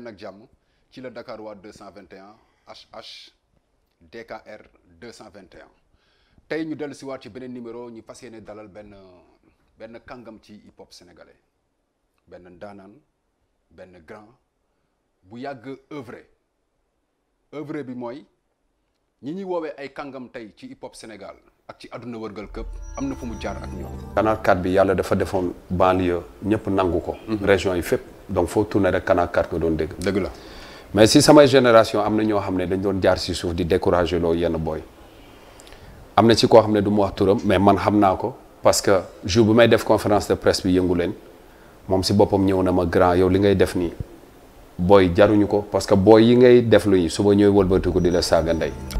leen ak jàmm ci le Dakar wa 221 HH DKR 221 tay ñu dellu ci waat ci benen numéro ñu fas dalal ben ben kangam ci hip hop sénégalais ben ndaanaan ben grand bu yàgg œuvre œuvre bi moy ñi ñi wowe ay kangam tay ci hip hop Sénégal ak ci aduna wërgal këpp amna na fu mu jaar ak ñoom. Canal 4 bi yalla dafa defoon banlieue ñep nangu ko. Mm-hmm. région yi fep donc faut tourner le canard Carte que doon dégg. dëgg la mais si samay génération amener na ñoo ne dañ doon jaar si suuf di décourager le yenn boy. Amener na ci amener xam ne du mu wax mais man xam naa ko parce que jour bu may def conférence de presse bi yëngu leen moom si boppam ñëw na ma grand yow li ngay def nii booy jaruñu parce que boy yi ngay def lu ñu suba ñooy wëlbatiku di la saga d'ailleurs.